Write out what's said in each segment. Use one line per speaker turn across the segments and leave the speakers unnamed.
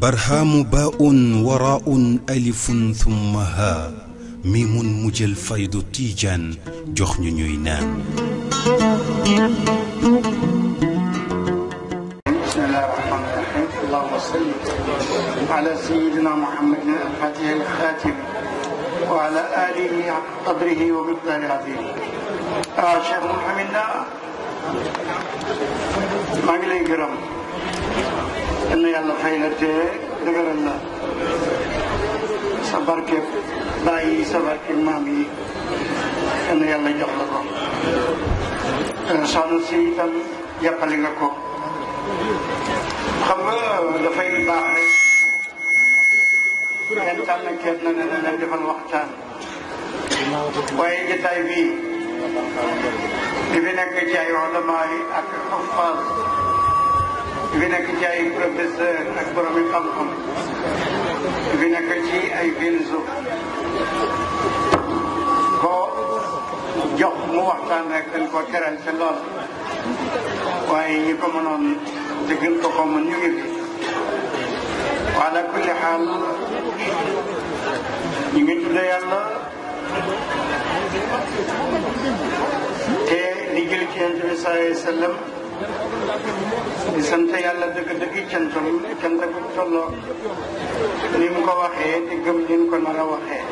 برهام باء وراء ألف ثم ها ميم مجل فيض تيجان جخن نينان بسم الله الرحمن الرحيم اللهم صل على سيدنا محمد الفاتح الخاتم وعلى آله قدره ومقداره عظيم أشهد آه، أن محمد maa ngi lay gërëm yal na yàlla fay la te dëgëral la sa barkeb bàyyi sa barkeb maam yi yal na yàlla jox la ko euh, soxna si itam jàppale nga ko xam nga dafay baax rek kenn tànn kenn na ne na defal waxtaan waaye jotaay bii li fi nekk ci ay ulama yi ak xuffaas li fi nekk ci ay professeur ak boromi xam-xam li fi nekk ci ay philosophe koo jox mu waxtaan rek dañ ko teral ci lool waaye ñi ko mënoon te gën ko ko mën ñu ngi fi ala kulli xaal ñu ngi tudde yàlla te di jëli ci yonent bi sallallahu alayhi wa sallam di sant yàlla dëgg-dëgg cantam cant bu ni mu ko waxee te gëm ni ko nar a waxee.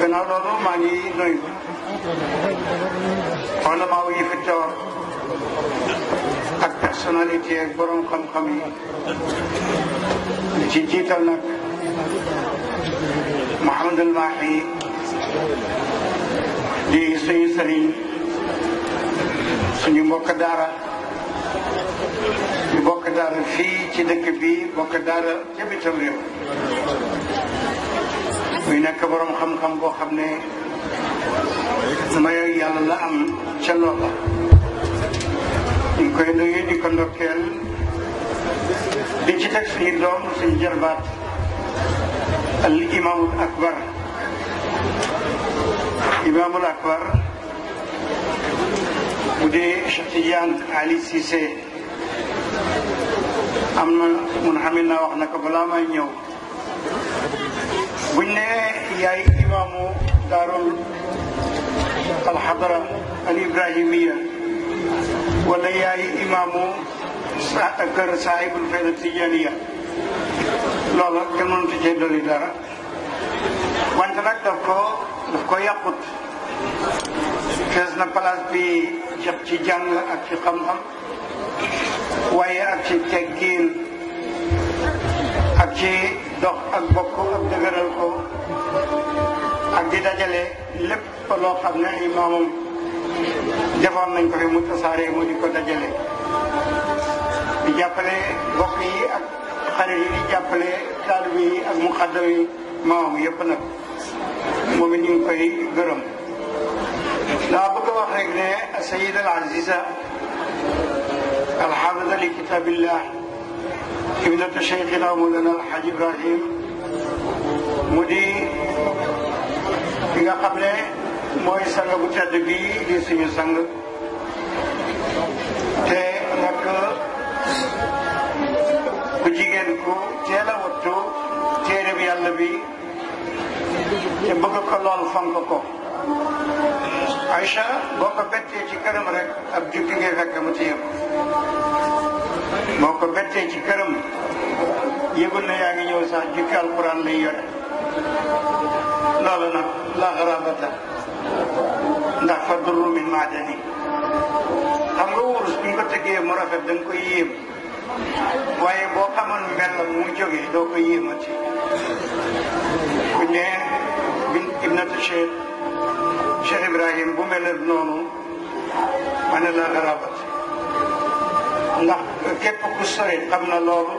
gannaaw loolu maa ngi nuyu xoolamaa yi fi teew ak personnalité ak borom xam-xam yi di ci jiital nag Mouhamadul Mahi di suñu sëriñ suñu mbokk daara ñu bokk daara fii ci dëkk bi bokk daara ca bitim réew muy nekk borom xam-xam boo xam ne mayo yàlla la am ca loola ñu koy nuyu di ko ndokkeel di ci teg suñu doom suñu jarbaat al imaamul akbar imaamul akbar bu dee Cheikh Tidiane Ali Cissé am na mun xamit naa wax na ko balaa may ñëw buñ ne yaay imaamu daarul alxadara al ibrahimiya wala yaay imaamu kër saahibul fayda tijaniya loola kenn mënut a cee dolli dara wante nag daf ko daf ko yàqut fees na place bi jëpp ci jàng ak ci xam-xam waaye ak ci teggiin ak ci dox ak bokk ak dëgëral ko ak di dajale lépp loo xam ne ay maamam defoon nañ ko fi mu tasaare mu di ko dajale di jàppale bokk yi ak xarit yi di jàppale taalibe yi ak muqaddam yi maamam yëpp nag moom it ñu ngi koy gërëm daa bëgg a wax rek ne sayid al aziza alxafida li kitabillah ibnata cheikhina mawlana alxaj ibrahim mu di ki nga xam mooy sang bu tedd bi di suñu sang te nekk ku jigéen ku teel a wattu téere bi yàlla bi ja bëgg ko lool fonk ko Aïcha boo ko bettee ci këram rek ab jukki ngay fekk mu téye ko boo ko bettee ci këram yëgul na yaa ngi ñëw sax jukki alquran lay yore loolu nag la xarabata ndax fadlu min maadani xam nga wurus bu ñu ko tëggee mu rafet da nga koy yéem waaye boo xamoon mbell mu jógee doo ko yéemati ku ne ibnatu cheikh cheikh ibrahim bu mel noonu la xarabat ndax ku sori xam na loolu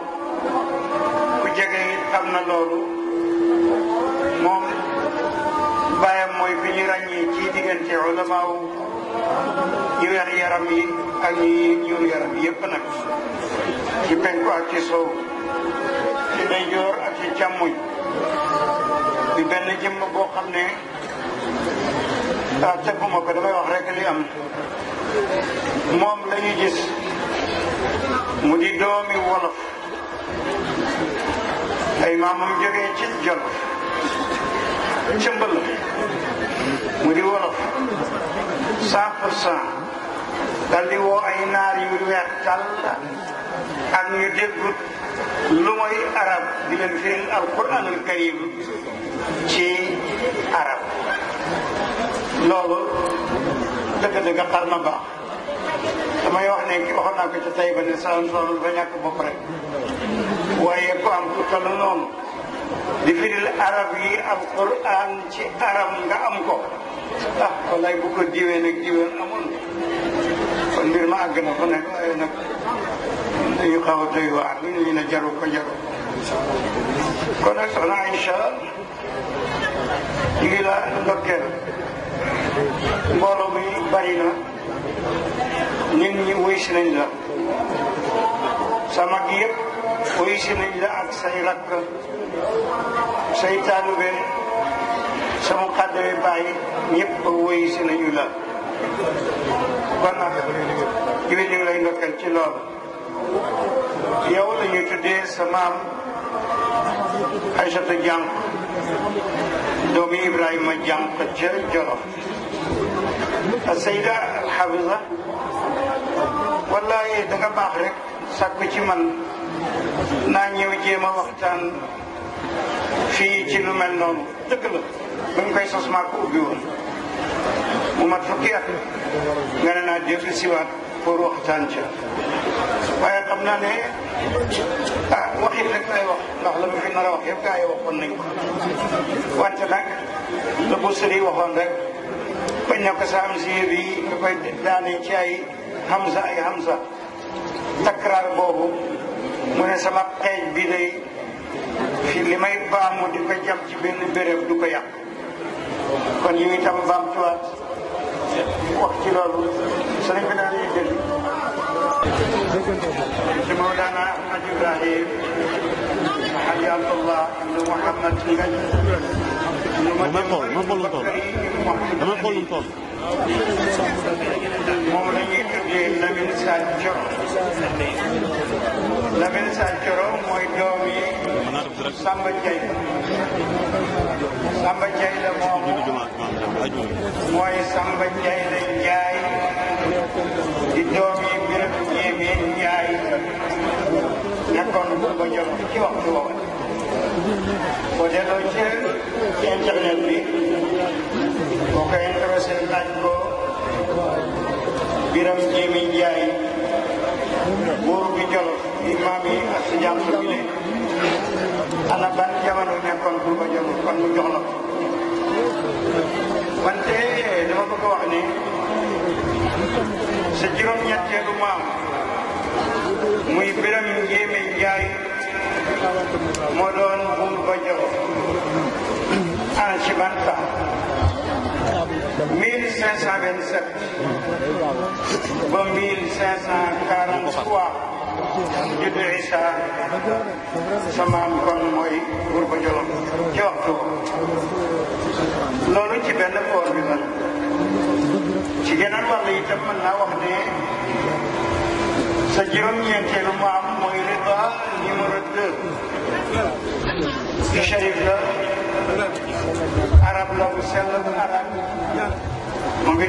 ku jege xam na loolu moom bàyyam mooy fi ñu ràññee ci diggante ulamaaw ñu weex yaram yi ak ñi ñuul yaram yëpp nag ci penku ak ci sow ci ndeyjoor ak bi benn jëmm boo xam ne ah teguma ko damay wax rek li am moom la ñu gis mu di doomi wolof ay maamam jógee ci Jolof cëmbal mu di wolof cent pour cent woo ay naar yu weex tàll ak ñu déggut lu mooy arab di leen firil alquran al karim ci arab loolu dëkk dëgg xar na baax damay wax ne waxoon naa ko ca tey ba ba ñàkk bopp rek waaye ku am ku toll noonu di firil arab yi alquran ci arab nga am ko ah walaay bu ko diwee nag diwee amoon kon mbir ma àgg na fa nag waaye nag dañu xaw a doy waar lu ñu ne jaru ko jaru kon nag soxna Aïcha ñu ngi la ndokkeel mbooloo mi bari na nit ñi wuy si nañ la sa mag yëpp wuy si la ak say rakk say taalube sama xaddame bàyyi ñëpp wuy si nañu la kon nag ñu ngi lay ndokkeel ci loolu yow la ñuy tuddee sa maam Hayşatı Cank, Domi İbrahim Cank Kıçı Canok. السيدة الحافظة والله دغا baax rek sàkku ci man naa ñëw jéem a waxtaan fii ci lu mel noonu dëgg la ba mu koy waaye xam naa ne ah waxit rek lay wax ndax la mu fi nar a wax yëpp gaa waxoon nañ ko wante nag la bu sëriñ waxoon rek bañ na sa am si yëf yi ci ay Hamza ay Hamza takraar boobu mu ne sama xeej bi day fi li may baamu di ko jam ci benn béréb du ko yàq kon yu itam baamtuwaat wax ci loolu sëriñ bi daal ci Mawlana Ahmad Ibrahim Hayatullah ibn Muhammad dama xool lu toll moom la ñuy tuddee Lamine Sanchoro Lamine Sanchoro mooy doom yi Samba Ndiaye Samba Ndiaye la moomu mooy Samba Ndiaye la Ndiaye di doom yi kon bu rumah jot ci waxtu Njaay moo doon buur ba Jogo en ci ban temps 1527 ba 1543 juddu Isa samaam kon mooy buur ba Jolof ci waxtu loolu ci benn koor bi man ci geneen wàll itam mën naa wax ne sa juróom-ñeenteelu mu am Touba numéro 2 la arab la bu sell bu arab mu ngi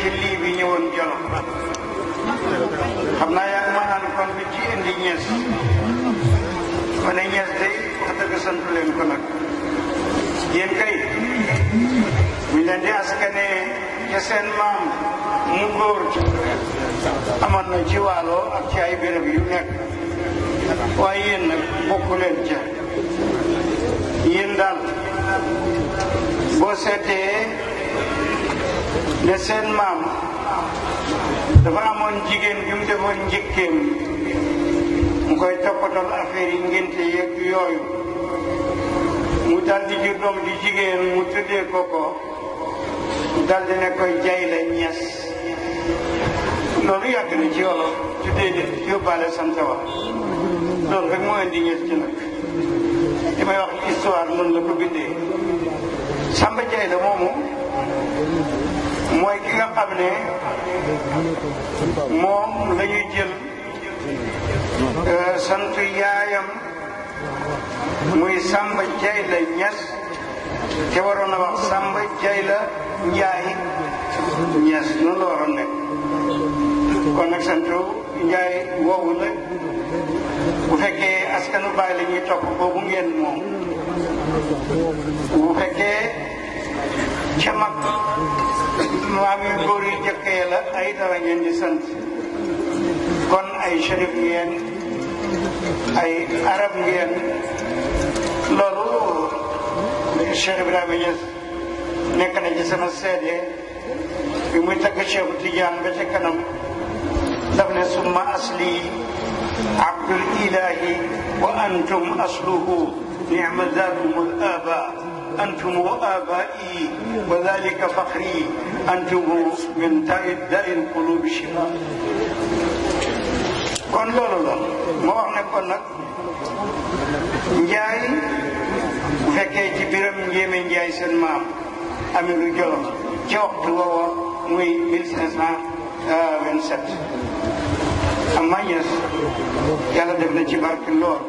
ci lii bi ñëwoon Jolof xam naa yaa ma naan kon bi ci indi ñees ma ne ñees day wax dëgg leen ko nag yéen kay bu ñu leen di askanee ca seen maam mu góor amoon na ci waalo ak ci ay bërëb yu nekk waaye yéen nag bokku ca yéen daal boo seetee ne seen maam dafa amoon jigéen bi mu defoon njëkkeem mu koy toppatoo affaire yi ngénte yeeg yooyu mu daldi di jur doom di jigéen mu tëddee ko ko dal ne koy jayle la ñes loolu yàgg na ci wolof tuddee yóbbaale sant wa loolu rek moo indi ñun ci nag li may wax histoire noonu la ko bindee Samba Ndiaye la moomu mooy ki nga xam ne la ñuy jël euh, yaayam muy Samba Ndiaye la Ñas te waroon a Samba Ndiaye la Ndiaye Ñas noonu la waroon nekk kon nag sant fekkee askanu baay la ñuy topp boobu ngeen moom bu fekkee ca mag maam yu góor ay dara ngeen di sant kon ay chérif ngeen ay arab ngeen loolu Cheikh Ibrahima Niass nekk na ci sama seede bi muy tagg Cheikh Tidiane ba ca kanam daf ne summa asli عبد الإله وأنتم أصله نعم ذلكم الآباء أنتم وآبائي وذلك فخري أنتم من داء داء القلوب الشباب كون لا لا لا ما أنا كون جاي فكي تبرم جيمن جاي سنما أمي بجول جوق دوا وي 1527 amma ñees yàlla def na ci barke lool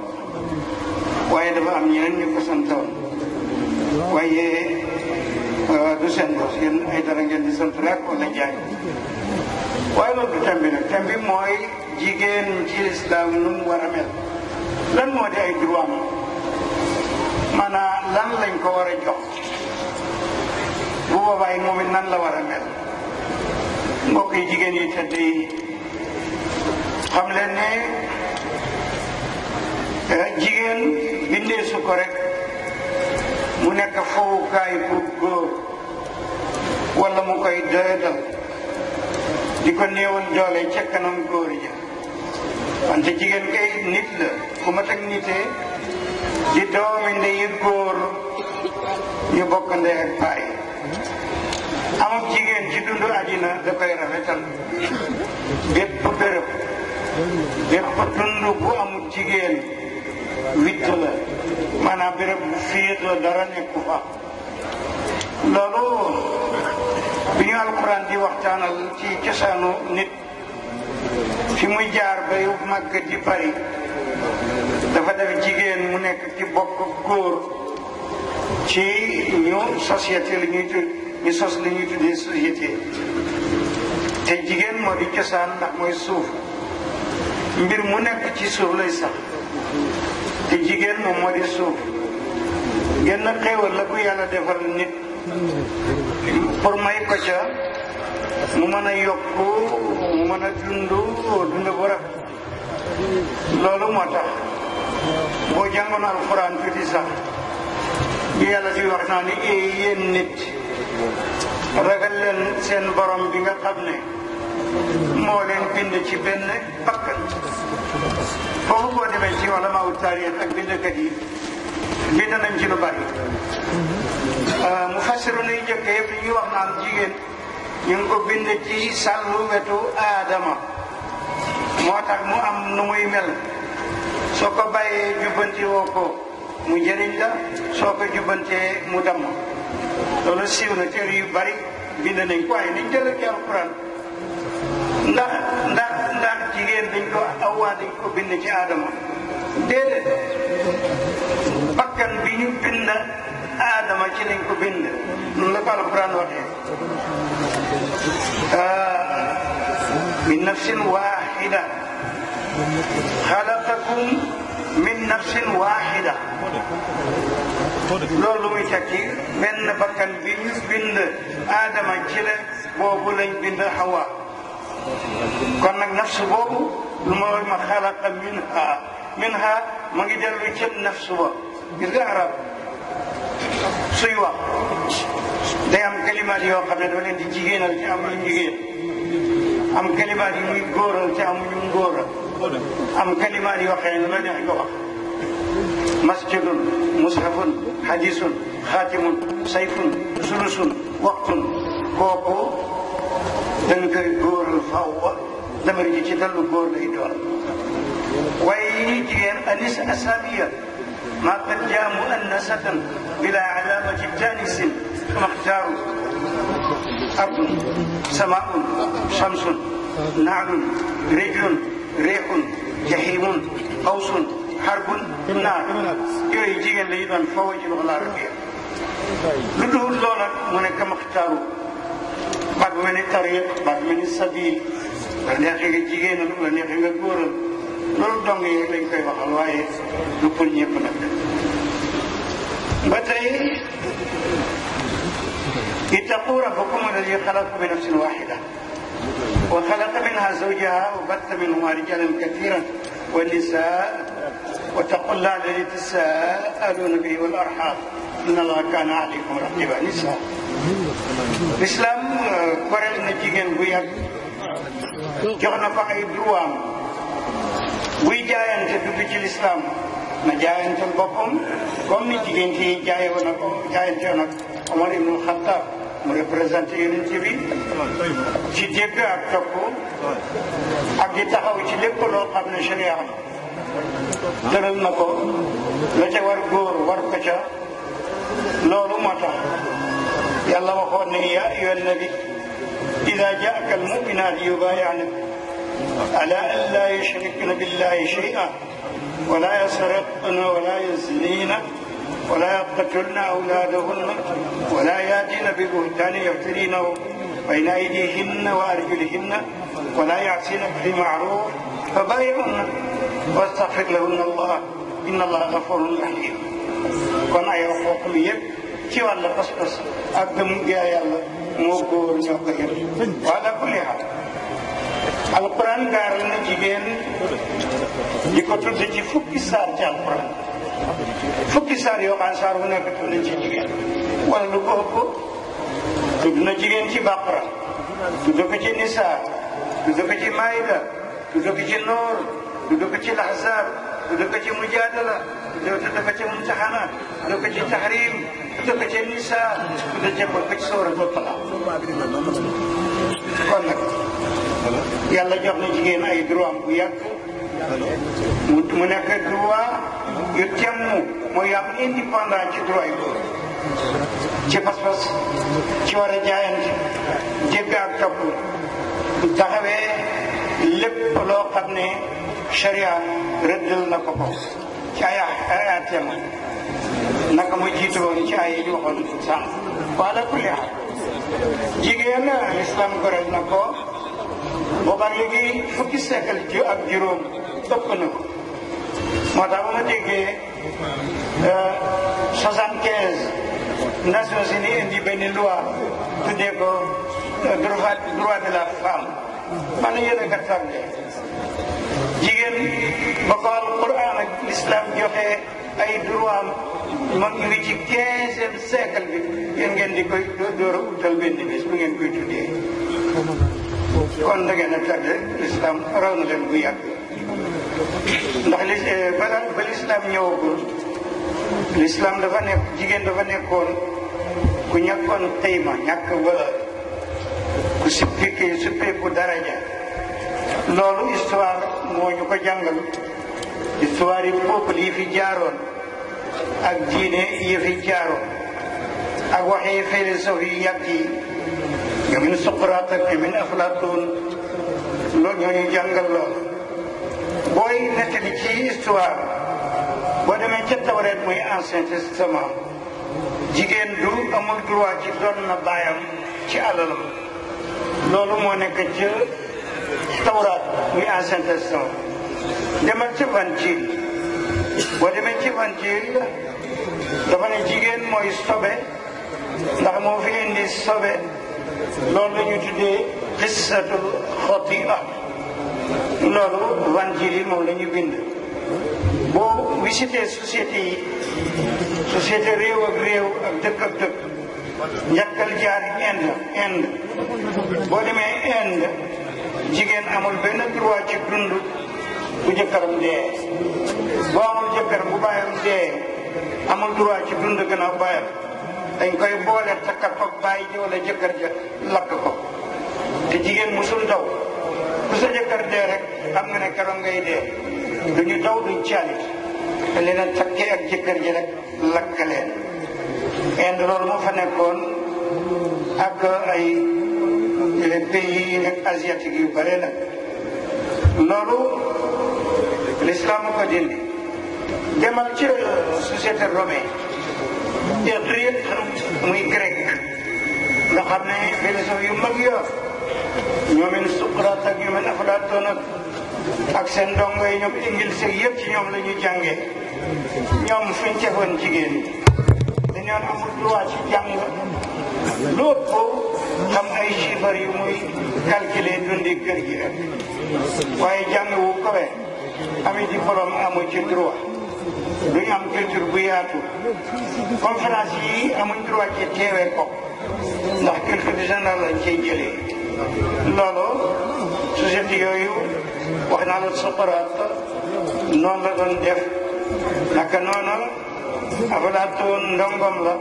waaye dafa am ñeneen ñu ko waaye euh, du seen bos yéen ay dara ngeen di sant rek wala jaay waaye loolu du tembi nag mooy jigéen ci mu war a mel lan moo di ay droit maanaam lan lañ ko war a jox bu boobaa yi moom it nan la war a mel mbokk jigéen yi tedd xam leen ne eh, jigéen bindeesu ko rek mu nekk fowukaay bu góor wala mu koy doyadal di ko néewal doole ca kanam góor ja wante jigéen kay nit la ku mat ak nitee di doomi ndeyi góor ñu bokk ndey ak baay amut jigéen ci dundu àddina da koy rafetal bépp bërëb bépp tund bu amul jigéen witt la maanaam béréb bu la dara nekku fa loolu bi ñu alquran di waxtaanal ci cosaanu nit fi muy jaar bayu màgg di bari dafa def jigéen mu nekk ci bokk góor ci ñu société li ñuy tudd ñu sos li ñuy société te jigéen moo di cosaan ndax mooy suuf mbir mu nekk ci suuf lay sax te jigéen moom moo di suuf genn xéewal la ku yàlla defal nit pour may ko ca mu mën a yokk mu mën a dund dund bu rafet loolu moo tax boo jàngoon alxuraan fi sax bi yàlla di wax naa ni yéen nit ragal seen borom bi nga xam ne moo leen bind ci benn bakkan foofu boo demee ci wala maawu taarix ak bindkat yi bind nañ ci lu bari euh, mu fasiru nuy njëkk yëpp ñu wax naan jigéen ñu ngi ko bind ci sàllu wetu adama moo tax mu am nu muy mel soo ko bàyyee jubbanti woo ko mu jëriñ soo ko jubbantee mu damm loolu siiw na téere yu bari bind nañ ko waaye niñ jëlee ci alquran ndax ndax ndax jigéen dañ ko awwaa dañ ko bind ci aadama bakkan bi ñu bind aadama ci lañ ko bind noonu la ko alquran waxee min nafsin waxida xalaqakum min nafsin waxida loolu lu muy tekki bakkan bi ñu ci la boobu lañ bind hawa kon nag nafsu boobu lu ma ma xalaqa minha minha ma ngi dellu cëm nafsu ba gis nga arab suy wax day am kalimaat yoo xam ne dafa leen di jigéenal ci amuñu jigéen am kalimaat yu muy góoral ci amuñu góoral am kalimaat yoo xam ne lu la neex nga wax masjidun mushafun hadisun xaatimun sayfun sulusun waqtun kooku دنكر góor lu fawwa damari ji ci dallu góor lay doon waaye yi jigéen anis asabiya ما قد جاء مؤنسة بلا علامة جانس مختار أرض سماء شمس نعل رجل ريح جحيم قوس حرب نار يجي اللي يدون فوج الغلا ربيع لدهن لونك منك مختار بعد من الطريق بعد من السبيل عندي أخي جيجين عندي أخي جبور لول دون غير لين كي بخلوا أي لكل يوم نبدأ بتأي يتقول ربكم الذي خلق بنفس واحدة وخلق منها زوجها وبث منهما رجالا كثيرا والنساء واتقوا الله الذي تساءلون به والارحام ان الله كان عليكم رقيبا نساء lislaam euh, pareel na jigéen bu yàgg jox na ko ay droit buy jaayante dugg ci l'islam na jaayante boppam comme ni jigéen ci jaayoo na ko jaayante nag Omar ibn Khattab mu représenté yonent bi ci ak topp ak di ci lépp loo sharia tëral na ko la ca war góor war ko ca loolu tax يلا وخورنا يا أيها النبي إذا جاءك المؤمنات يبايعنك على ألا يشركن بالله شيئا ولا يسرقن ولا يزنين ولا يقتلن أولادهن ولا يأتين ببهتان يفترينه بين أيديهن وأرجلهن ولا يعصينك بمعروف فبايعهن واستغفر لهن الله إن الله غفور رحيم كنا يوفقكم يبقى ci wàllu pas-pas ak gëm gaa yàlla moo góor ñoo ko yem wala ku li xam alquran gaaral na jigéen di ko tudd ci fukki saar ci alquran fukki saar yoo xam saar bu nekk tudd na ci jigéen wala lu ko ëpp tudd na jigéen ci bàqara tudd ko ci nisaa tudd ko ci maayda tudd ko ci noor tudd ko ci laxsaab tudd ko ci mujaadala وتدفت ci وتدفت التحريم وتدفت النساء وتدفت سورة الطلاق kon nag yàlla jox na jigéen ay droit bu yàgg mu nekk droit yu temm mooy am indépendant ci droit yi ci pas-pas ci war a jaayante dégg ak topp bu taxawee lépp loo xam ne charia na ko ko ay ay atteem naka mu jiitu woon ci ay ñu waxoon sànq wala kulli xaal jigéen l'islam gorel na ko boobaag léegi fukki siècle ji ak juróom ëpp na moo tax bu ma déggee euh, soixante-quinze Nations Unies indi benn ko euh, droit de la femme man yéen a gàttal jigéen ba ko alquran ak l'islam joxe ay droit man ngi ci quinzième siècle bi yéen ngeen di koy door a utal benn bés bu ngeen koy tuddee kon da a tardé l'islam raw na leen bu yàgg ndax li bala eh, ba l'islam ñëwagul dafa nekk jigéen dafa nekkoon ku ñàkkoon xëyma ñàkk wala ku suppiku suppiku daraja loolu histoire moo ñu ko jàngal histoire yi peuple yi fi jaaroon ak diine yi fi jaaroon ak waxee philosophe yi yàgg yi ñoo min Socrate ak min Aflaatoon loolu ñu jàngal lool booy nettali ci histoire boo demee ca Tawreet muy ancien testament jigéen du amul droit ci doon na baayam ci alalam loolu moo nekk ca tawraat muy ancien testament demal ci Injiil boo demee ci Injiil dafa ne jigéen mooy sobe ndax moo fi indi sobe loolu la ñu tuddee qissatul xatia loolu Injiil yi moom la ñu bind boo visité société yi société réew ak réew ak dëkk ak dëkk njakkal jaar Inde Inde boo demee Inde jigéen amul benn droit ci dund bu jëkkëram dee boo amul jëkkëram bu bàyyam dee amul droit ci dund gannaaw bàyyam dañ koy boole takkat ko bàyyi ji wala jëkkër ja lakk ko te jigéen musul daw ku sa jëkkër dee rek xam nga ne keroog ngay dee duñu daw duñ caalit te leneen takkee ak jëkkër ji rek leen and loolu moo fa nekkoon ak ay ñu ne pays yi nag asiatique yu bare la loolu l'islam ko dindi demal ci euh, société romaine iqriq muy grec nga xam ne philosophe yu mag yor ñoomin Socrate ak ñoomin Aflaton ak ak seen ndongo yi ñoom Ingils yëpp ci ñoom la ñu jàngee ñoom fuñ tegoon jigéen ñi dañoon amul droit ci jàng lépp xam ay chiffres yu muy calculer dundee kër gi rek waaye jàng wu kawe ami diplôme amu ci droit duñu am culture bu yaatu conférence yi amuñ droit ci teewee ko ndax culture générale lañ cay jëlee loolu société yooyu wax naa la Socrate noonu la doon def naka noonu Aflaatoon ndongom la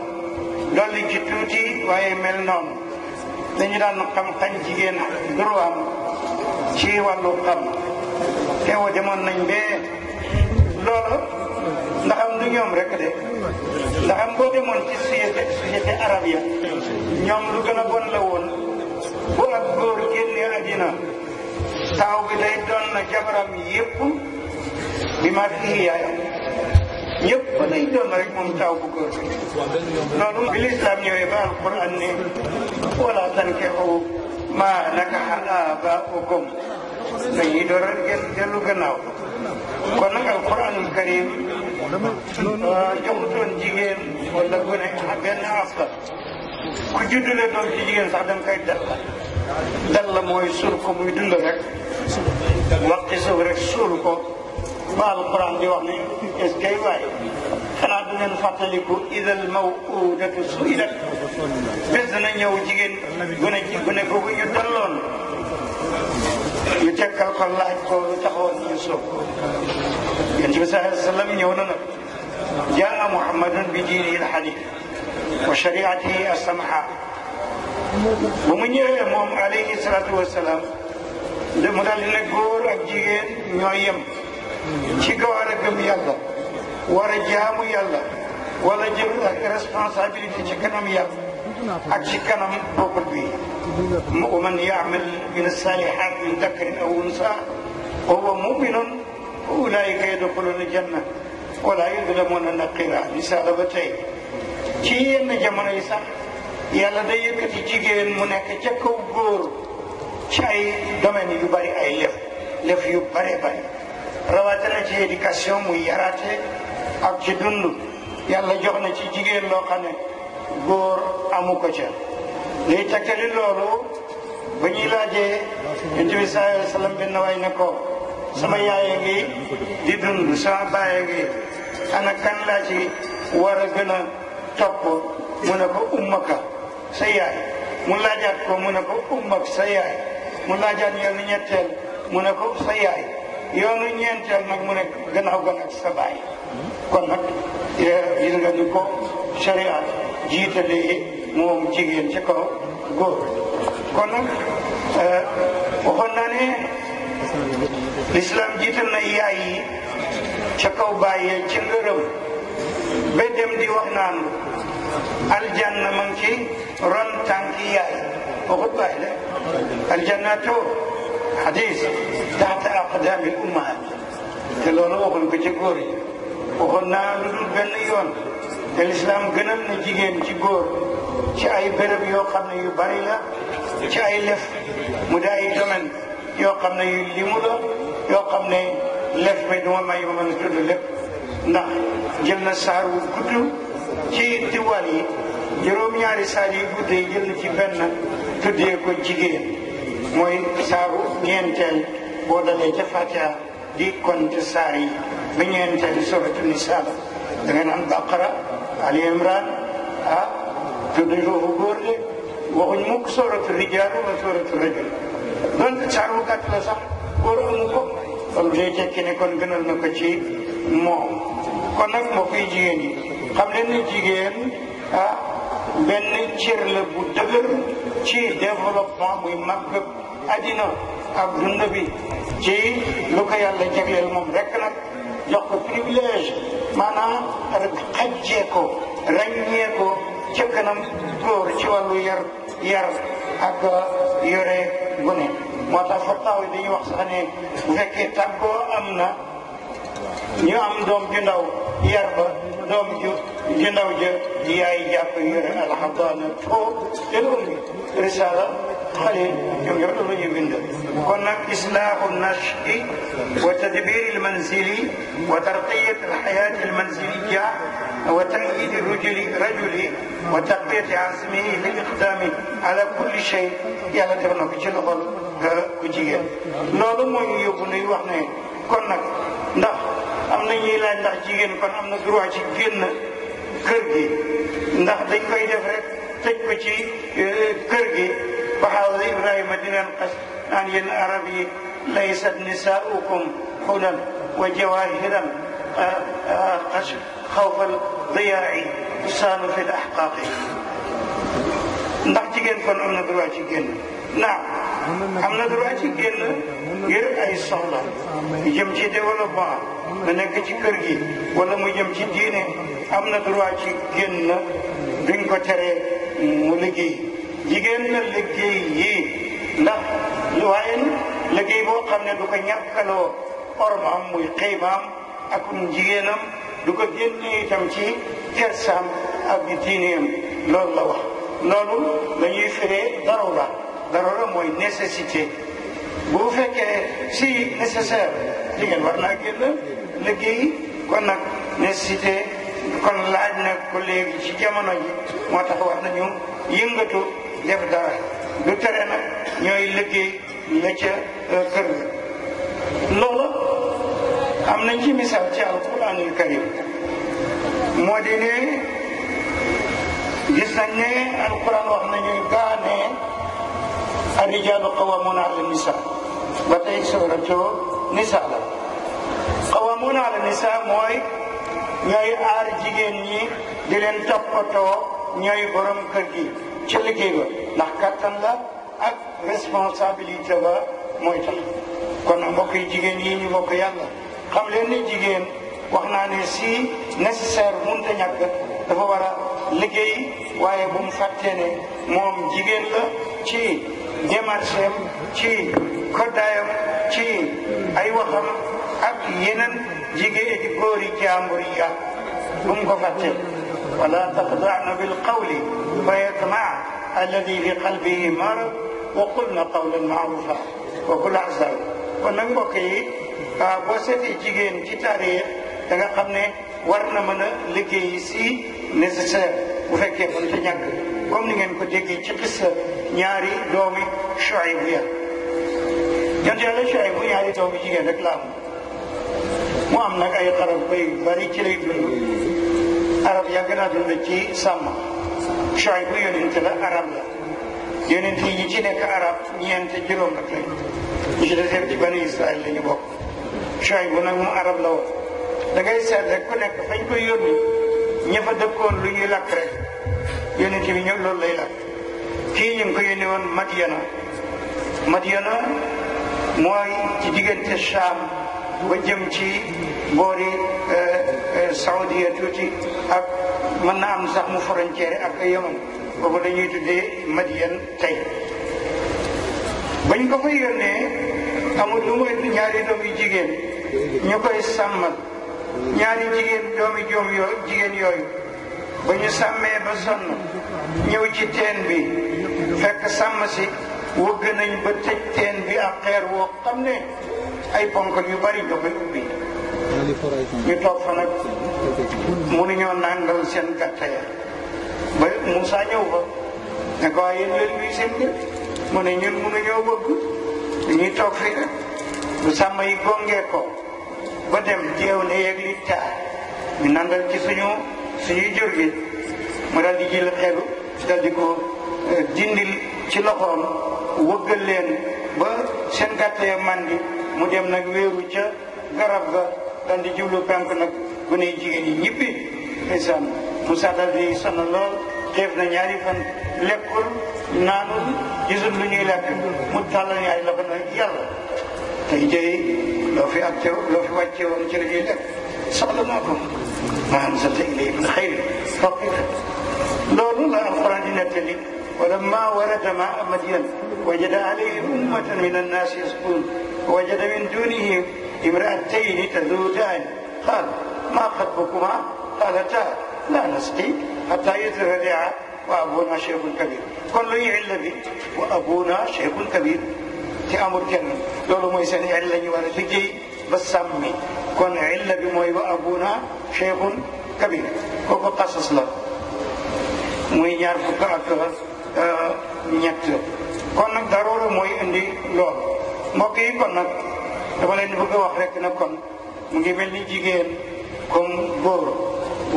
dolli ci tuuti waaye mel noonu dañu daan xam xañ jigéen droit ci wàllu xam teewoo demoon nañ bee loolu ndax am du ñoom rek de ndax boo demoon ci société société arabe ya ñoom lu gën a bon la woon bu ak góor génnee àddina taaw bi day doon jabaram yépp bi ma fi yaayam yëpp ba lay doon rek moom taw bu góor loolu bi lislaam ñëwee ba alquran ne wala tankihu ma nakaxa aabaa'ukum dañuy door rek gën dellu gannaaw kon nag alquranul karim ah, joxutoon jigéen wala gune benn askan ku juddulee doom ci jigéen sax da nga dalla dalla mooy suul ko muy dund rek waqi suuf rek suul ko ba alquran di wax ne est-ce xanaa du ngeen fàttaliku idal mawuudatu suilat bés dana ñëw jigéen gune ji gune googu ñu dolloon ñu tekkal ko laaj ko lu taxoon ñu soob yonent bi saa sallam ñëw na nag jaa muhammadun bi diinihi alxanif wa shariatihi asamha bu mu ñëwee moom alayhi salaatu wasalaam mu daal di ne góor ak jigéen ñoo yem ci gawar a gëm yàlla وارا جامو يالا ولا جيب لك ريسبونسابيلتي شي كانم يالا اك شي كانم بوبل بي ومن يعمل من الصالحات من ذكر او انثى وهو مؤمن اولئك يدخلون الجنه ولا يظلمون نقيرا لسببتين كي ان جمعنا يسا يالا دا يكتي جيجين منك جكو غور شاي دمين يباري اي لف لف يباري باري رواتنا جي ادكاسيون مو يراتي ak ci dund yàlla jox na ci jigéen loo xam ne góor amu ko ca liy takkali loolu ba ñuy laajee yonent bi sallallahu alayhi wa sallam waay ne ko sama yaay ngi di dund sama baay ngi ana kan laa ci war a gën a topp mu ne ko ummaka sa yaay mu laajaat ko mu ne ko ummak sa yaay mu laajaat yoon ñetteel mu ne ko sa yaay yoonu ñeenteel nag mu ne gannaaw ga nag sa baay kon nag eh, gis nga ni ko sharia jiitalee moom jigéen ci kaw góor kon nag eh, waxoon naa ne l'islam jiital na yaay yi ca kaw bàyyee ci ngërëm ba di wax naan aljanna ma ci ron tànki yaay waxut bàyyi la aljanna xadis taxta aqdaami ummahat te loolu waxoon ko ca góor yi waxoon naa lu dul benn yoon te lislaam gënal na jigéen ci góor ci ay béréb yoo xam ne yu bari la ci ay lef mu di ay domaine yoo xam ne yu limu yoo xam ne lef bi duma may ma mën a tudd lépp jël na saar wu gudd ci diwaan yi juróom-ñaari saar yi jël na ci benn tuddee ko jigéen mooy saaru ñeenteel boo dalee ca Fatiha di compte saar yi ba ñeenteel suratu Nisaa da nga naan Baqara Ali Imran ah tuddu foofu góor de waxuñ mukk suratu rijaal wala suratu rajul donc saar bu gàtt la sax góor amu ko kon day tekki ne kon gënal na ko ci moom kon nag mbokk yi jigéen yi xam leen ne jigéen ah benn cër la bu dëgër ci développement muy màgg adina ak dund ci lu ko yàlla jagleel moom rek nag jox ko privilège maanaam xajjee ko ràññee ko ca kanam ci wàllu yar yar ak yore gune moo tax fattaaw yi dañuy wax sax ne am na ñu am doom ju ndaw yar ba doom ju ju ndaw ja yaay jàpp yore alhamdulilah foo jëloon خلي يعرض من يبين قلنا إصلاح النشء وتدبير المنزلي وترقية الحياة المنزلية وتأييد الرجل رجلي وتقوية عزمه للإقدام على كل شيء يا لتبنى كجل غل كجية نظم يبنى يوحنى قلنا نخ أمنا يلا نخجين قلنا أمنا دروح جين كرغي نخ دي كي دفرق تكبتي كرغي waxaaw Ibrahima di leen xas naan yéen arab yi laysat nisaaukum xulan wa jawahiran xas xawfal diyaai tusaanu fi l axqaaqi ndax jigéen kon am na droit ci génn naam am na droit ci génn ngir ay soxla yu jëm ci développement mu nekk ci kër gi wala mu jëm ci diine am na droit ci génn duñ ko teree mu liggéey jigéen na liggéey yii ndax lu waaye liggéey boo xam ne du ko ñàkkaloo ormaam muy xiibaam ak jigéenam du ko génne itam ci kersaam ak di diineem loolu la wax loolu la ñuy firee darura darura mooy nécessité bu fekkee si nécessaire jigéen war naa génn liggéey nag nécessité kon laaj na ko ci jamono moo tax war nañu yëngatu def dara du tere nag ñooy liggéey la euh, kër ga loolu am nañ ci misaal ci alquranul karim moo di ne gis nañ ne alquran wax nañuy gaa ne arrijalu qawamuna ala nisa ba tey suratu nisa la qawamuna ala nisa mooy ñooy aar jigéen ñi di leen toppatoo ñooy borom kër gi ca liggéey ba ndax kattan la ak responsabilité ba mooy kon nag mbokk yi jigéen yi ñu bokk yàlla xam leen ni jigéen wax naa ne si nécessaire mënut ñàkk dafa war a liggéey waaye bu mu fàttee ne moom jigéen la ci démarche am ci koddaayam ci ay waxam ak yeneen jigéen di góori jàmbur yi bu mu ko fàttee ولا تخضعن بالقول فيطمع الذي في قلبه مرض وقلنا قولا معروفا وكل عزاw kon nag mbokk yi ah, boo seetee jigéen ci taarix da nga xam ne war na mën a liggéey si nécessaire bu fekkee mënta ñàkk comme ni ngeen ko déggee ci xissa ñaari doomi Shuayb bu ya yonent Yàlla Shuayb jigéen rek la am mu am nag ay xarab bay bari ci lay arab yàgg naa dund ci sàmm Shuayb bu yonent la arab la yonent yi ci nekk arab ñeent juróom nag lañ ñi ci des ci bani Israël la bokk Shuayb bu nag mu arab la woon da ngay seet ku nekk fañ koy yónni ña fa dëkkoon lu ñuy lakk rek yonent bi ñoom loolu lay lakk kii ñu ko yónni woon Madiana Madiana mooy ci diggante Sham ba jëm ci boori euh, Saudiya tuuti ak mën na am sax mu frontière ak Yaman boobu dañuy tuddee Madiyan tey bañ ko fa yónnee amul lu muy ñaari doom jigéen ñu koy sàmmal ñaari jigéen doomi joom jigéen yooyu ba ñu sàmmee ba sonn ñëw ci teen bi fekk sàmm si wëgg nañ ba tëj teen bi ak xeer woo xam ne ay ponkal yu bari ñoo koy ubbi ñu toog fa nag mu ne seen gàtta ya ba Moussa ñëw fa ne ko waaye yéen leen luy seen gët mu ne ñun mënuñoo bëgg dañuy toog fii rek bu sàmm yi gongee ko ba dem jéew ne yeeg li taar ñu nangal ci suñu suñuy jur gi mu daal di jël xelu daal di ko dindil ci loxoom wëggal ba seen gàtta ya màndi mu dem nag wéeru ca garab ga daal di jublu penk nag gune jigéen yi ñibbi ndeysaan Moussa daal di sonn lool def na ñaari fan lekkul naanul gisul lu ñuy lekk mu tàllal ñaari la ko nag yàlla tey jëy loo fi acce loo fi wàcce woon ci la ñuy lekk soxla naa ko maa anzalta ilayya min xayrin faqir loolu la alquran di nettali ولما ورد ماء مدين وجد عليه أمة من الناس يسقون وجد من دونهم امرأتين تذودان قال ما خطبكما قالتا لا نسقي حتى يذهب الرعاء وابونا شيخ كبير kon lu ñu illa bi wa abuna cheikhul kabir te amul kenn loolu mooy seen illa ñu war a liggéey ba sàmmi kon illa bi mooy wa abuna cheikhul kabir kooku xasas la muy ñaar fukk ak ñett kon nag daroora mooy indi loolu mbokk dama leen bëgg a wax rek na kon mu ngi mel ni jigéen comme góor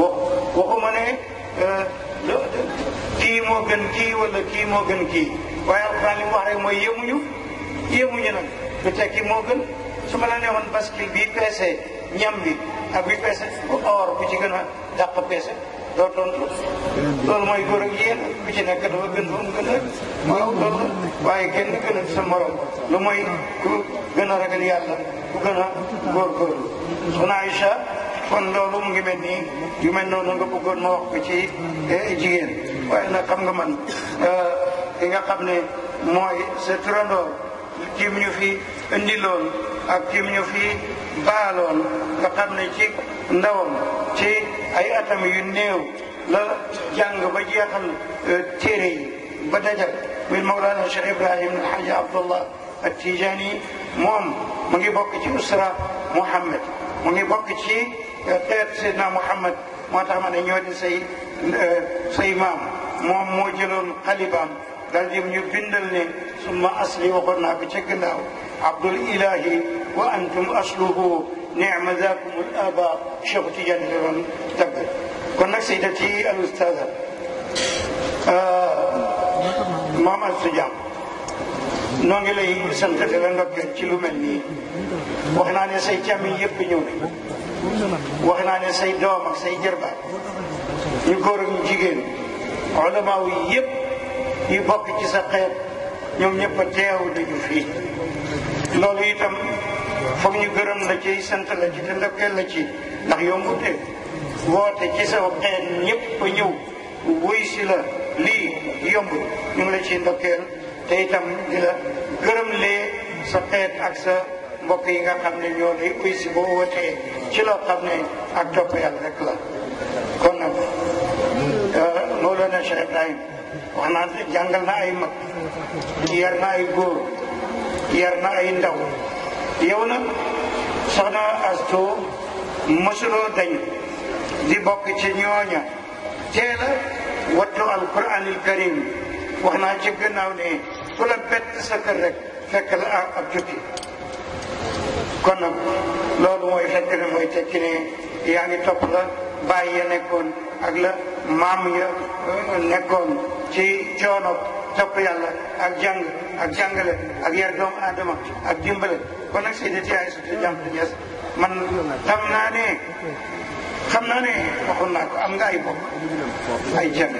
wax waxuma ne euh, kii moo gën kii wala kii moo gën kii waaye alxuraan li mu wax rek mooy yëmuñu yëmuñu nag du tekki moo gën su ma la neexoon bascule bii peese ñam bi ak bi peese or bu ci gën a dàq peese doo loolu mooy góor ak yéen ku ci nekk dafa gën fa mu gën waaye kenn gën a sa morom lu mooy ku gën a ragal yàlla ku gën a góorgóorlu soxna Aïcha kon loolu mu ngi mel nii yu mel noonu nga bëggoon ma wax ko ci eh, jigéen waaye nag xam nga man eh, ki nga xam ne mooy sa turandoo ci ñu fi indi loolu ak jim fi baaloon nga xam ne ci ndawam ci ay atam yu néew la jàng ba jeexal euh, téere yi ba dajal muy Mawlana Cheikh Ibrahim Abdullah At-Tijani moom mu ngi bokk ci usra Muhammad mu ngi bokk ci euh, xeet Seydina Muhammad moo tax ma ne ñoo di say euh, say moom moo jëloon xalibaam dal di ñu bindal ne summa asli waxoon naa ko ca gannaaw abdul ilahi wa antum asluhu ni'ma zakum al aba cheikh tidiane la doon tagg kon nag saydati al ustaza euh, maam Anta Diam noo ngi lay sant di la ndokkeel ci lu mel nii wax naa ne say càmmiñ yëpp ñëw nañ wax naa ne say doom ak say jërbaat ñu góor ak ñu jigéen ulama yi yëpp ñu bokk ci sa xeet ñoom ñëpp a teew nañu fii loolu itam foog ñu gërëm la ci sant la ci te ndokkeel la ci ndax yombute woote ci sa xeet ñëpp a ñëw wuy si la lii yomb ñu ngi la ciy ndokkeel te itam di la gërëm lee sa xeet ak sa mbokk yi nga xam ne ñoo lay uy si boo wootee ci loo xam ne ak topp yàlla rek la kon nag loolu na Cheikh Ibrahim wax naa jàngal na ay mag yar na ay góor yar na ay ndaw yow nag soxna Astu mosuloo dañ di bokk ci ñooña teel a wattu alquranil karim wax naa ci gannaaw ne ku la bett sa kër rek fekk la ab jukki kon nag loolu mooy fekk ne mooy tekki ne yaa ngi topp la bàyyi ya nekkoon ak la maam ya eh, nekkoon ci coono topp yàlla ak jàng ak jàngale ak yar doomu aadama ak dimbale kon nag sey ay suti jàmp ñees man xam naa ne xam naa ne waxoon naa am nga ay bopp ay jàng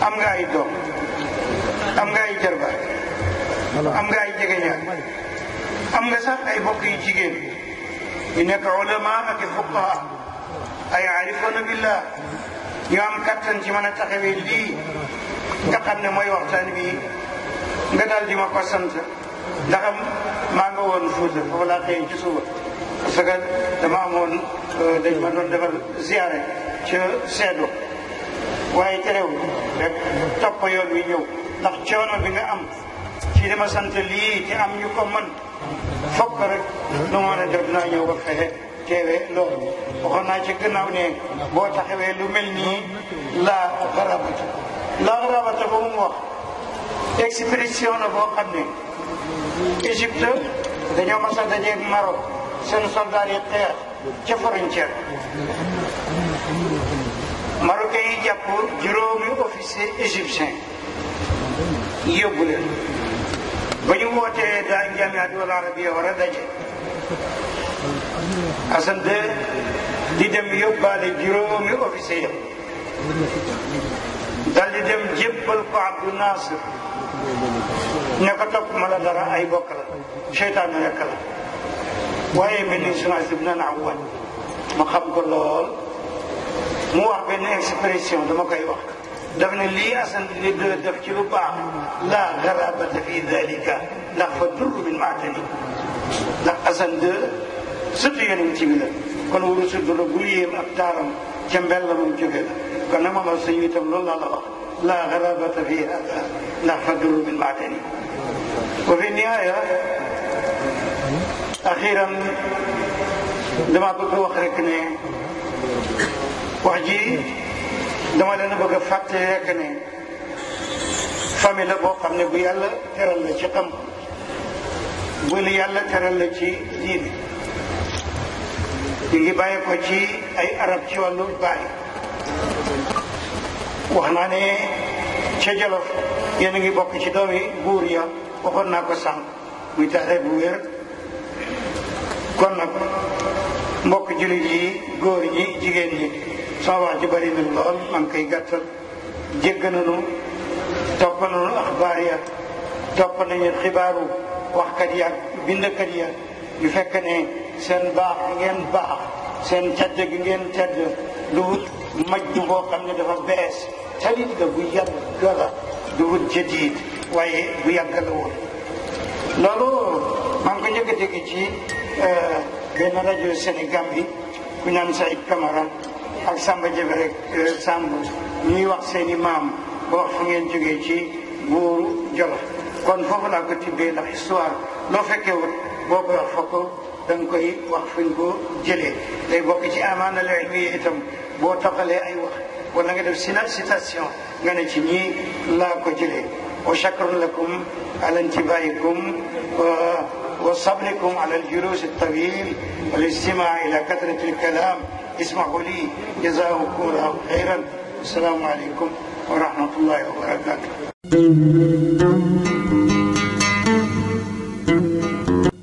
am nga ay doom am nga ay jarbaat am nga ay jegeñaar am nga sax ay bokk yu jigéen yu nekk ulama ak fuqaha ay aarifoona billah ñoo am kattan ci mën a taxawee lii nga xam ne mooy waxtaan bi nga daal di ma ko sant ndaxam maa nga woon Fuuta foofu laa xëy ci suba parce que dama amoon euh, dañ ma doon defal ziare ca seedo waaye terew rek yoon wi ñëw ndax coono bi nga am ci dama sant lii te am ñu ko mën fokk rek nu ma ne a def naa ñëw ba fexe teewee loolu waxoon naa ci gannaaw ne boo taxawee lu mel nii laa xarabata laa xarabata ba mu wax expression la boo xam ne Égypte dañoo mas a dajeeg Maroc seen soldat yi xeex ca frontière marocain yi jàpp juróomi officier égyptien yóbbu leen ba ñu wootee daa njamiat wala arabia war a daje Assane de di dem yóbbaale juróomi officier dal di dem jébbal ko Abdou Nasir ne ko topp ma la dara ay bokk la seytaane rekk la waaye mel ni suna sib na naa wan ma xam ko lool mu wax benn expression dama koy wax daf ne lii Assane di def ci lu baax la garabata fi dalika ndax fa durru min maatani ndax Assane de سدين تيمين ان ورسد ربويهم أبتارهم كم بلهم كبير كن ما مسيتهم لا لا لا غرابة في هذا لا فضل من بعدني وفي النهاية أخيرا لما بقوا وخركني وحجي لما لنا بقى فاتي يكني فمي لبوقع نبي الله ترى الله شقم ولي الله ترى الله شي ديني ñu ngi bàyyi ko ci ay arab ci wàllu baali wax naa ne ca Jolof yéen a ngi bokk ci doomi buur ya waxoon naa ko sànq muy taxee bu wér kon nag mbokk jullit yi góor ñi jigéen ñi sama wax ji bëri na lool man koy gàttal jégg nañu topp nañu axbaar ya topp nañu xibaaru waxkat ya bindkat ya ñu fekk ne seen baax gi ngeen baax seen tedd gi ngeen tedd du wut majj ngoo xam ne dafa bees talit la bu yàgg la du wut jadiid waaye bu yàgg la woon loolu maa ngi ko njëkk a dégg ci euh, benn rajo Sénégal bi ku naan Saïd Camara ak Samba Jabe rek euh, Samb ñuy wax seen i maam boo xam ngeen jóge ci buuru Jolof kon foofu laa ko tibbee ndax histoire loo fekkee wut boo fokk دنكوي وشكر لكم على انتباهكم وصبركم على الجلوس الطويل والاستماع الى كثره الكلام اسمحوا لي جزاكم الله خيرا السلام عليكم ورحمه الله وبركاته